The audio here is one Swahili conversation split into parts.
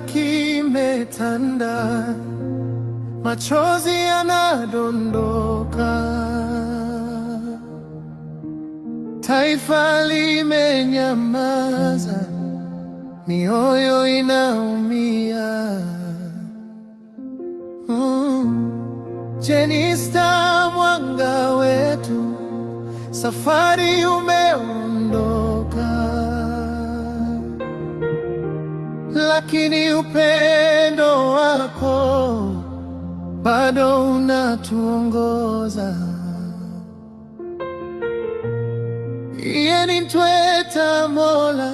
kimetanda, machozi yanadondoka, taifa limenyamaza, mioyo inaumia. Mm. Jenista, mwanga wetu, safari umeondoka lakini upendo wako bado unatuongoza. yenitweta Mola,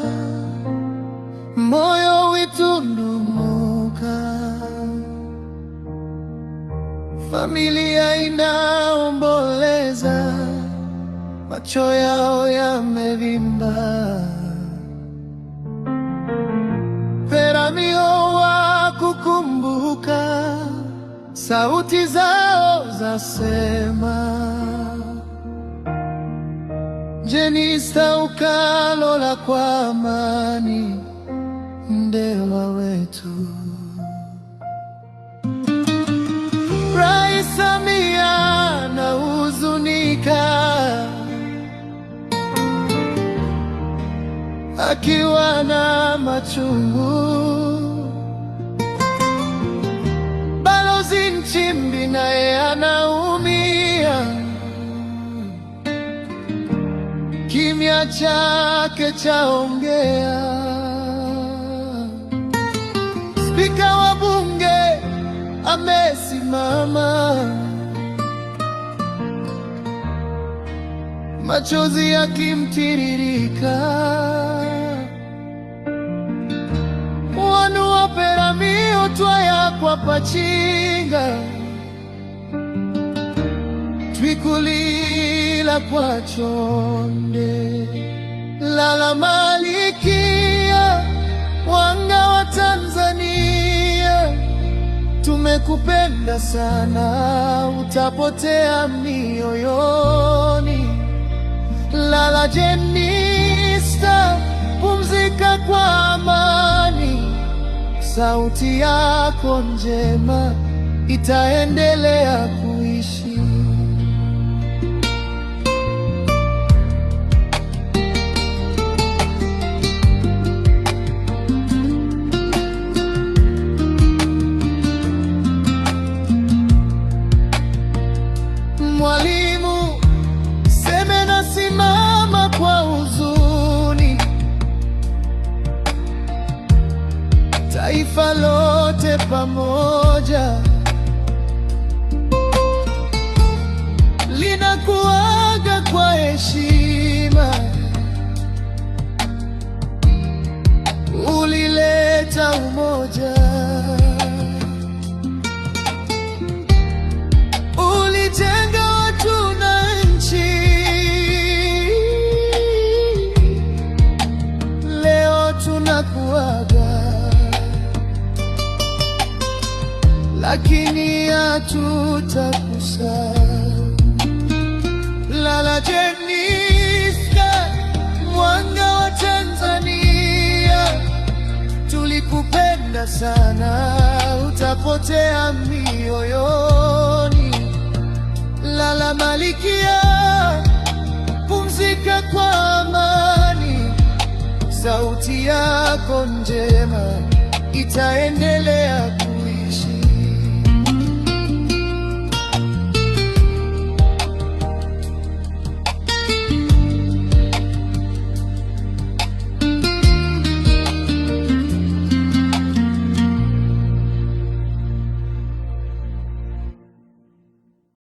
moyo witu ndumuka, familia inaomboleza, macho yao yamevimba. sauti zao zasema, jenista ukalola kwa amani ndewa wetu. Rais Samia na huzunika akiwa na machungu chake chaongea. Spika wa bunge amesimama, machozi yakimtiririka. Wanu wapera otwaya kwa pachinga twikuli ila kwa chonde. Lala malikia mwanga wa Tanzania, tumekupenda sana, utapotea mioyoni. Lala Jenista, pumzika kwa amani, sauti yako njema itaendelea taifa lote pamoja linakuaga kwa heshima. Ulileta umoja, ulijenga watu na nchi. Leo tunakuaga lakini hatutakusa Lala Jenista, mwanga wa Tanzania, tulikupenda sana, utapotea mioyoni. Lala Malikia, pumzika kwa amani, sauti yako njema itaendelea